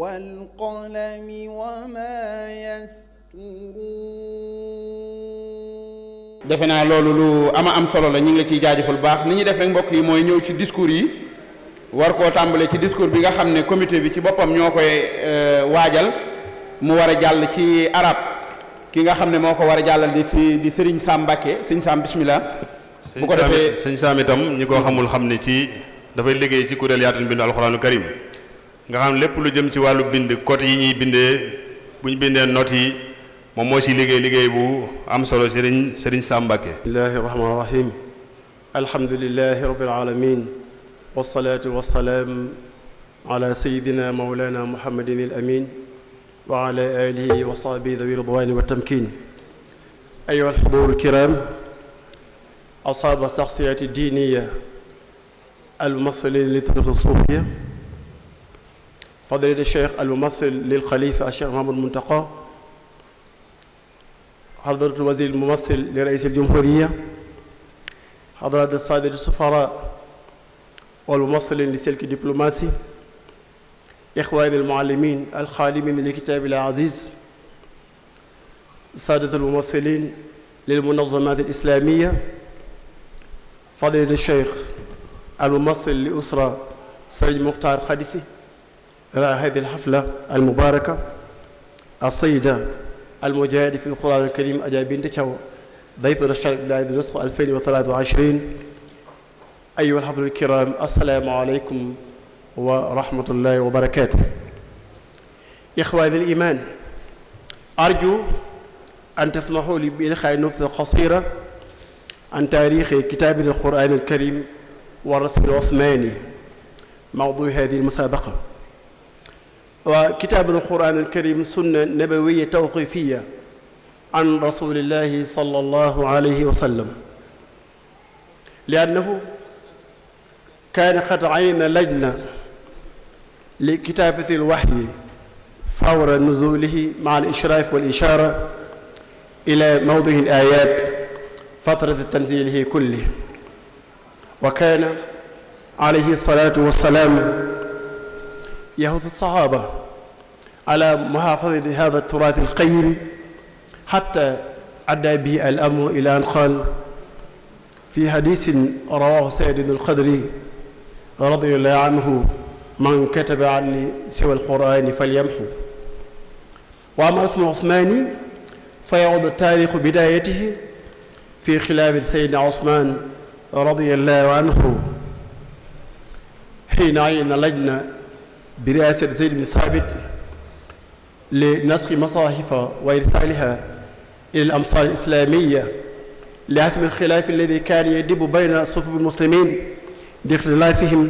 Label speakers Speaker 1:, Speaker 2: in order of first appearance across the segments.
Speaker 1: والقلم وما يسطرون defe naa loolu lu ama am solo la ñu ngi la ciy jaajëfal baax ni ñuy defee mbokk yi mooy ñëw ci discours yi war koo tàmbale ci discours bi nga xam ne comité bi ci boppam ñoo koy euh, waajal mu war a jàll ci arab ki nga xam ne moo ko war a jàllal di si di sëriñ Sam Mbàkke sëñ Sam bismillah
Speaker 2: bu ko defee sëñ Sam itam ñu ko xamul xam ne ci dafay liggéey ci kuréel yaatal mbindum alxuraanul karim nga xam lépp lu jëm ci wàllu bind côté yi ñuy bindee bu ñu bindee not yi moom moo ci liggéey liggéey bu am solo sëriñ sëriñ Sàmbake bismillahi
Speaker 3: rahmaani rahim alhamdulillahi rabbil alamin wassalaatu wassalaam ala sayidina wa ala alihi wa sahbihi wa tamkin ayuha alxudur alkiram ashaaba shaxsiyaati diiniya almumasilin li tariqi suufiya فضيلة الشيخ الممثل للخليفة الشيخ محمد منتقى حضرة الوزير الممثل لرئيس الجمهورية حضرة الصادر السفراء والممثل لسلك الدبلوماسي إخواني المعلمين الخالمين لكتاب العزيز سادة الممثلين للمنظمات الإسلامية فضيلة الشيخ الممثل لأسرة سيد مختار خديسي على هذه الحفلة المباركة السيدة المجاهدة في القرآن الكريم أجا بنت تشاو ضيفنا الشريف بلاد النسخة 2023 أيها الحفل الكرام السلام عليكم ورحمة الله وبركاته إخواني الإيمان أرجو أن تسمحوا لي بإلقاء نبذة قصيرة عن تاريخ كتابة القرآن الكريم والرسم العثماني موضوع هذه المسابقة waa kitaabul quraanil karim sunna nabawiyya tawqifiya an rasulillahi sallallahu alayhi wa sallam liannahu kaana qad ayna lajna li kitaabati lwaxyi fawra nuzulihi maa al ishraaf wal ishaara ila mawdihi al ayaat fatrati tanzilihi kulli wa kaana alayhi salaatu wa salaam يهث الصحابة على محافظة هذا التراث القيم حتى عدى به الأمر إلى أن قال في حديث رواه سيد الخدري رضي الله عنه من كتب عني سوى القرآن فليمحو وأما اسم عثماني فيعود تاريخ بدايته في خلاف سيدنا عثمان رضي الله عنه حين عين لجنة biriasat zeyd bne saabit li nasxi masahifa wa irsaliha ila al amsal islamiya li hasbi alxilaaf alladi kaan yadibu bayna sufufi almuslimin bi ixtilaafihim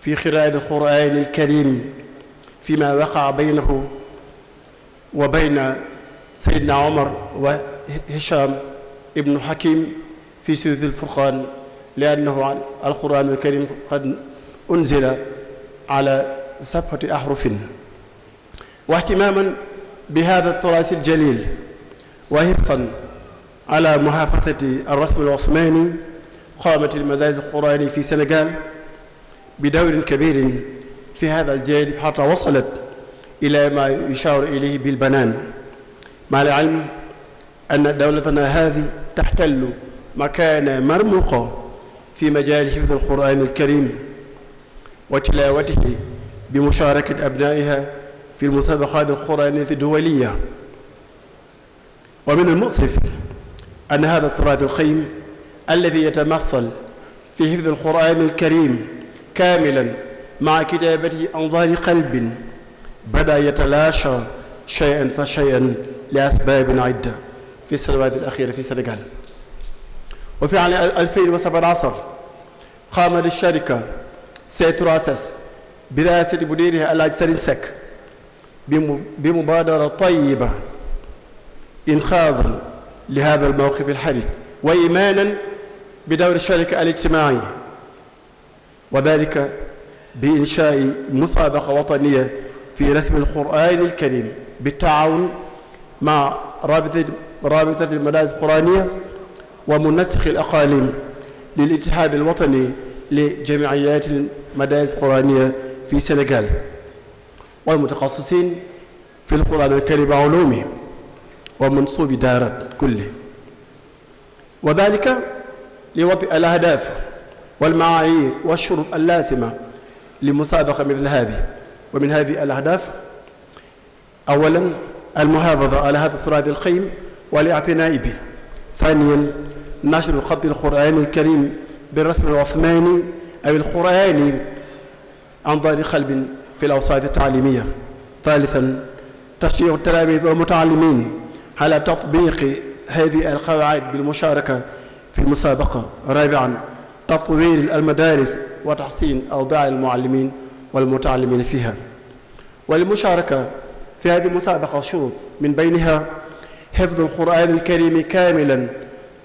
Speaker 3: fi xiraat alquran alkarim fi ma waqaa baynahu wa bayna sayidna omar wa hisham ibnu hakim fi surat alfurqan li annahu alquran alkarim qad unzila ala sabhati ahrufin wahtimaman bi hada thulathi aljalil wa hirsan ala muhafazati alrasm alosmani qamat almadaaris alqurani fi senegal bi dawrin kabirin fi hada aljanib hatta wasalat ila ma yusharu ilayhi bilbanan ma al ilm anna dawlatana hadi taxtallu makana marmuqa fi majali hifdi alqurani alkarim wa tilawatihi bi musharakati abnaiha fi lmusabaqat alquraniyati duwaliya wa min almusrif an hada altirath alqayyim alladi yatamassal fi hifdi alquran alkarim kamilan maa kitaabati an zahri qalbin bada yatalaasha cheyan fa cheyan li asbaabin idda fi sanawaat alaxira fi Sénégal wa fi am alfayn wa sab'a asar qaama lisharika C3S biraasati bu diiri alaaj sëriñ sekk bi mu bi mubaadara tayiba inxaadan li hada almawqif alxadid wa imaanan bi dawri sharika alijtimaai wa dalika bi inchaai musaabaqa wataniya fi rasmi alqurani alkarim bitaawun ma rabitati rabitati almadaaris alquraniya wa munassixi alaqaalim lilitihaad alwatani li jamiiyaati almadaaris alquraniya في السنغال والمتخصصين في القرآن الكريم وعلومه ومنصوب دارات كله وذلك لوضع الأهداف والمعايير والشروط اللازمة لمسابقة مثل هذه ومن هذه الأهداف أولا المحافظة على هذا التراث القيم والاعتناء به ثانيا نشر خط القرآن الكريم بالرسم العثماني أو القرآني an dari xalbin fi l awsaati taalimiya thalithan tashyiu talaabis wa mutaalimin ala tatbiqi hadi alqawaid bilmusharaka fi lmusabaqa rabian tatwir almadaris wa taxsin awdaa almuallimin walmutaallimin fiha وللمشاركة في هذه المسابقة شروط من بينها حفظ القرآن الكريم كاملا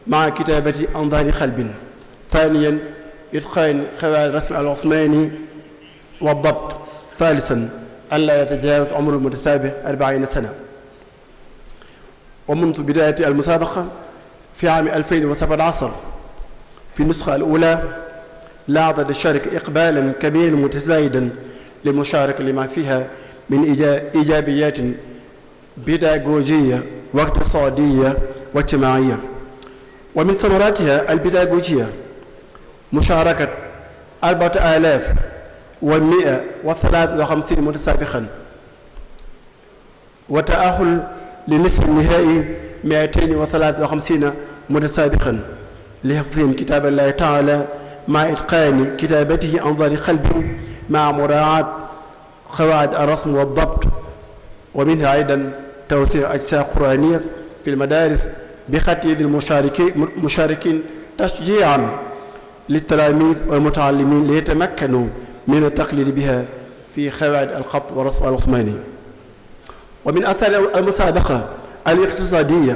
Speaker 3: مع كتابة عن ظهر قلب ثانيا إتقان قواعد الرسم العثماني والضبط ثالثا ألا يتجاوز عمر المتسابق أربعين سنة ومنذ بداية المسابقة في عام 2017 في النسخة الأولى لاحظت الشركة إقبالا كبيرا متزايدا للمشاركة لما فيها من إيجابيات بيداغوجية واقتصادية واجتماعية ومن ثمراتها البيداغوجية مشاركة أربعة آلاف wa mia wa thalaat wa xamsiin mutasaabiqan wa taaxul li nisfi nihaa'i miatayni wa thalaat wa xamsiina mutasaabiqan li xifdihim kitaaballaahi taala maa itqaani kitaabatihi an zahri qalbin maa muraa'at qawaa'id ar-rasm wa dabt wa minha aydan tawsii ajsaa quraaniya fi lmadaaris bi xat yadi lmusharikin tashjiican للتلاميذ والمتعلمين ليتمكنوا min altaqlidi biha fi xawaid alxat wa rasm alosmani wa min athari almusabaqa aliqtisadiya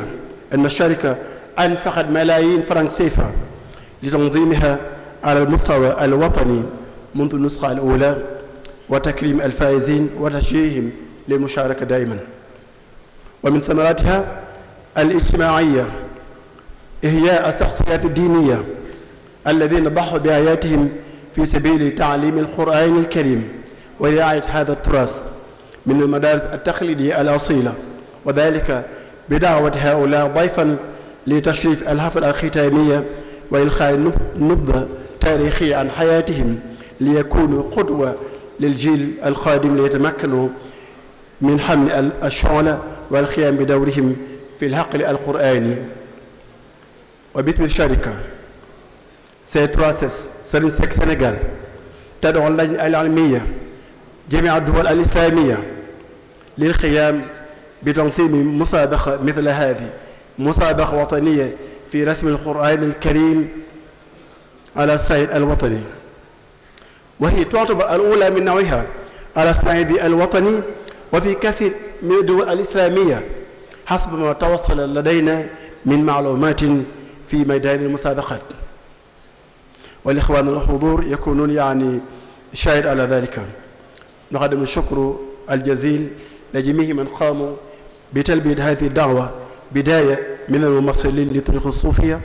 Speaker 3: an alsharika anfaqat malayin franc CFA litandimiha ala almustawa alwatani منذ النسخة الأولى وتكريم الفائزين وتشجيعهم للمشاركة دائما ومن ثمراتها الاجتماعية إحياء الشخصيات الدينية الذين ضحوا بحياتهم في سبيل تعليم القرآن الكريم ورعاية هذا التراث من المدارس التقليدية الأصيلة وذلك بدعوة هؤلاء ضيفا لتشريف الحفلة الختامية وإلقاء نبذة تاريخية عن حياتهم ليكونوا قدوة للجيل القادم ليتمكنوا من حمل الشعلة والقيام بدورهم في الحقل القرآني وباسم الشركة C3S Serigne Seck Sénégal tad'u lajna al-ilmiya jami'a duwal al-islamiya lil qiyam bi tanzimi musabaqa mithla hadhi musabaqa wataniya fi rasmi al-Qur'an al-karim ala as-sa'id al-watani wa hiya tu'tabar al-ula min naw'iha ala as-sa'id al-watani wa fi kathir min ad-duwal al-islamiya hasba ma tawassala ladayna min ma'lumatin fi maydan al-musabaqat والإخوان الحضور يكونون يعني شاهد على ذلك نقدم الشكر الجزيل لجميع من قاموا بتلبية هذه الدعوة بداية من الممثلين لطريق الصوفية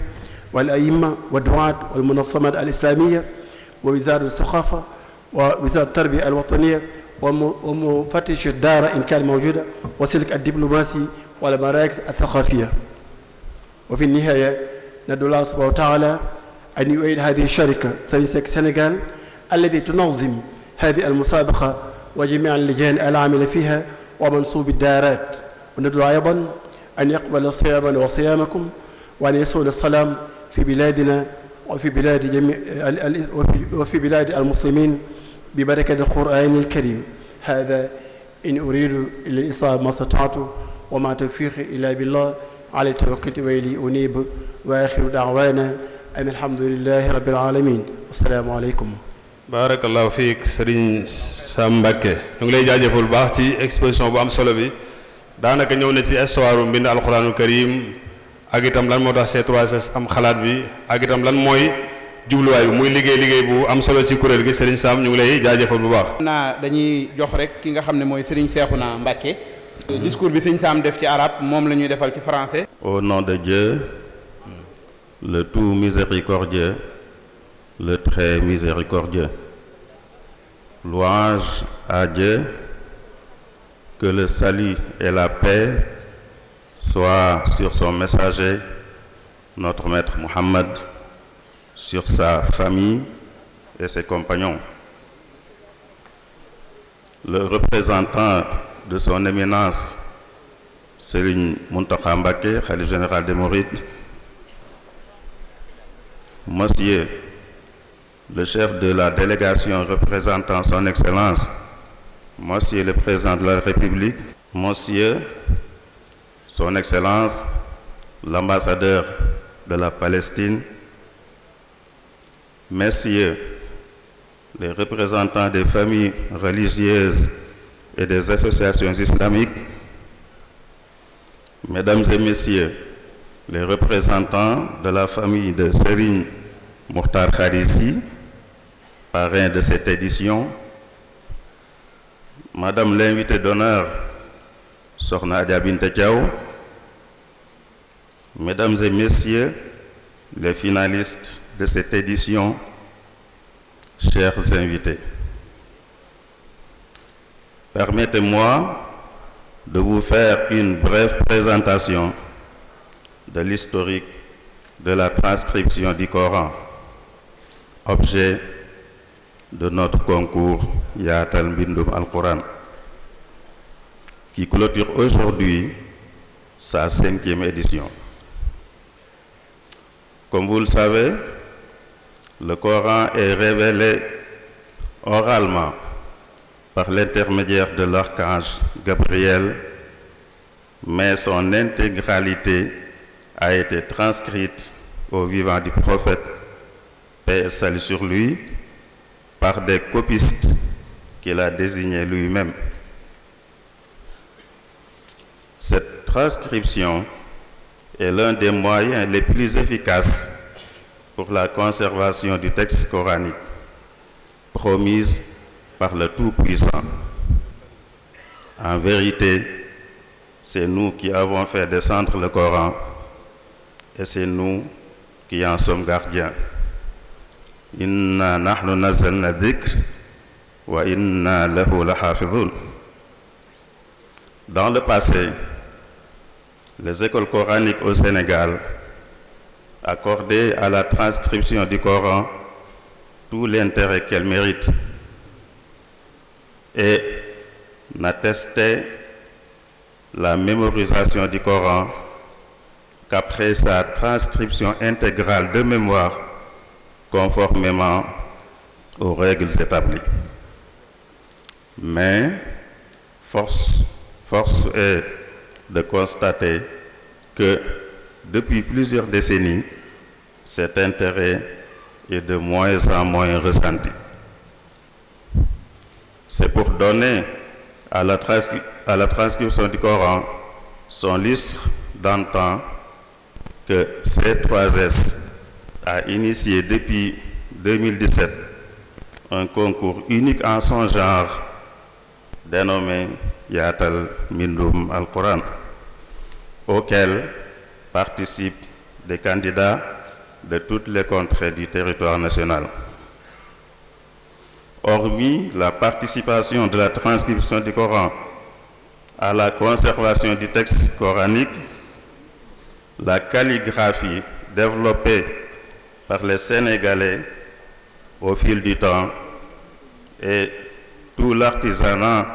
Speaker 3: والأئمة والدعاة والمنظمات الإسلامية ووزارة الثقافة ووزارة التربية الوطنية ومفتش الدار إن كان موجودة وسلك الدبلوماسي والمراكز الثقافية وفي النهاية ندعو الله سبحانه وتعالى أن يؤيد هذه الشركة سينسك سنغال التي تنظم هذه المسابقة وجميع اللجان العاملة فيها ومنصوب الدارات وندعو أيضا أن يقبل صيامنا وصيامكم وأن يسود السلام في بلادنا وفي بلاد جميع وفي بلاد المسلمين ببركة القرآن الكريم هذا إن أريد الإصابة ما استطعت وما توفيقي إلا بالله على توكلت وإلي أنيب وآخر دعوانا am alhamdulilahi rabbil alamin assalaamu aleykum
Speaker 2: baarakallahu fiik sëriñ Sam Mbacké ñu ngi lay jaajëful baax ci exposition bu am solo bi daanaka ñëw na ci histoire mbind alxuraanul karim ak itam lan moo tax c am xalaat bi ak lan mooy jubluwaay bi muy liggéey liggéey bu am solo ci kuréel gi sëriñ Sam ñu ngi lay jaajëfal bu baax.
Speaker 1: naa dañuy jox rek ki nga xam ne mooy sëriñ Seexuna Mbacké. discours bi sëriñ Sam def ci arabe moom la ñuy defal ci français. au nom de le tout miséricordieux, le très miséricordieux. Louange à Dieu, que le salut et la paix soient sur son messager, notre maître Mohammed, sur sa famille et ses compagnons. Le représentant de son éminence, Serigne Mountakha Mbacké, Khalife général des Mourides, Monsieur le chef de la délégation représentant son Excellence, Monsieur le Président de la République, Monsieur son Excellence, l'ambassadeur de la Palestine, Messieurs les représentants des familles religieuses et des associations islamiques, Mesdames et Messieurs, les représentants de la famille de Serigne Mokhtar par parrain de cette édition, Madame l'invitée d'honneur, Sorna Adiabinte Mesdames et Messieurs, les finalistes de cette édition, chers invités, permettez-moi de vous faire une brève présentation de l'historique de la transcription du Coran, objet de notre concours Yaatal Mbindum Al-Quran, qui clôture aujourd'hui sa cinquième édition. Comme vous le savez, le Coran est révélé oralement par l'intermédiaire de l'archange Gabriel, mais son intégralité a été transcrite au vivant du prophète, paix et sur lui, par des copistes qu'il a désignés lui-même. Cette transcription est l'un des moyens les plus efficaces pour la conservation du texte coranique promise par le Tout-Puissant. En vérité, c'est nous qui avons fait descendre le Coran et c'est nous qui en sommes gardiens inna nahnu nazzalna dhikr wa inna lahu la hafidun dans le passé les écoles coraniques au Sénégal accordaient à la transcription du Coran tout l'intérêt qu'elle mérite et n'attestaient la mémorisation du Coran qu'après sa transcription intégrale de mémoire, conformément aux règles établies. Mais force, force est de constater que depuis plusieurs décennies, cet intérêt est de moins en moins ressenti. C'est pour donner à la, à la transcription du Coran son lustre d'antan que C3S a initié depuis 2017 un concours unique en son genre dénommé Yaatal Mbindum Al Quran des candidats de toutes les contrées du territoire national. la participation de la transcription du Coran la conservation du la calligraphie développée par les Sénégalais au fil du temps et tout l'artisanat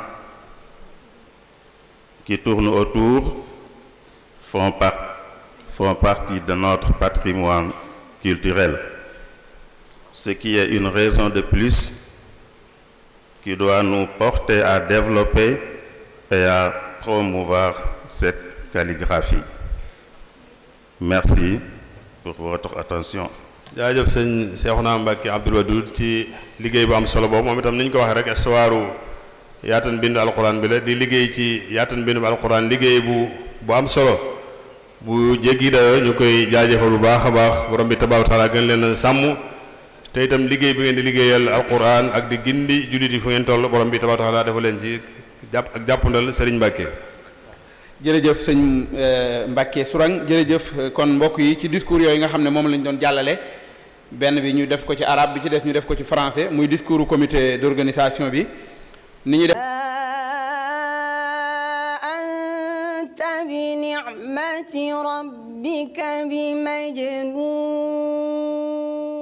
Speaker 1: qui tourne autour font, par font partie de notre patrimoine culturel, ce qui est une raison de plus qui doit nous porter à développer et à promouvoir cette calligraphie. merci pour votre attention.
Speaker 2: jaajëf sëñ Cheikhouna Mbacké Abdoul Wadoud ci liggéey bu am solo boobu moom itam ni ñu ko waxee rek estuwaaru yaatan bindu alquran bi la di liggéey ci yaatan bindu alquran liggéey bu bu am solo bu jéggi dayoo ñu koy jaajëfal bu baax a baax borom bi tabaaraka taala gën leen sàmm te itam liggéey bi ngeen di liggéeyal alquran ak di gindi jullit yi fu ngeen toll borom bi tabaaraka taala dafa leen ci jàpp ak jàppandal Serigne Mbacké.
Speaker 1: jërëjëf sëñ eh, Mbacke Sourang jërëjëf eh, kon mbokk yi ci discours yooyu nga xam ne moom lañu doon jàllale benn bi ñu def ko ci araab bi ci des ñu def ko ci français muy discours comité
Speaker 2: d'organisation bi ni ñu def anta bi ni'mati rabbika bi majnun